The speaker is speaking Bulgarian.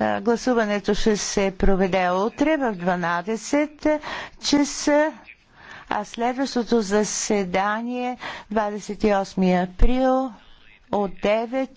Гласуването ще се проведе утре в 12 часа, а следващото заседание 28 април от 9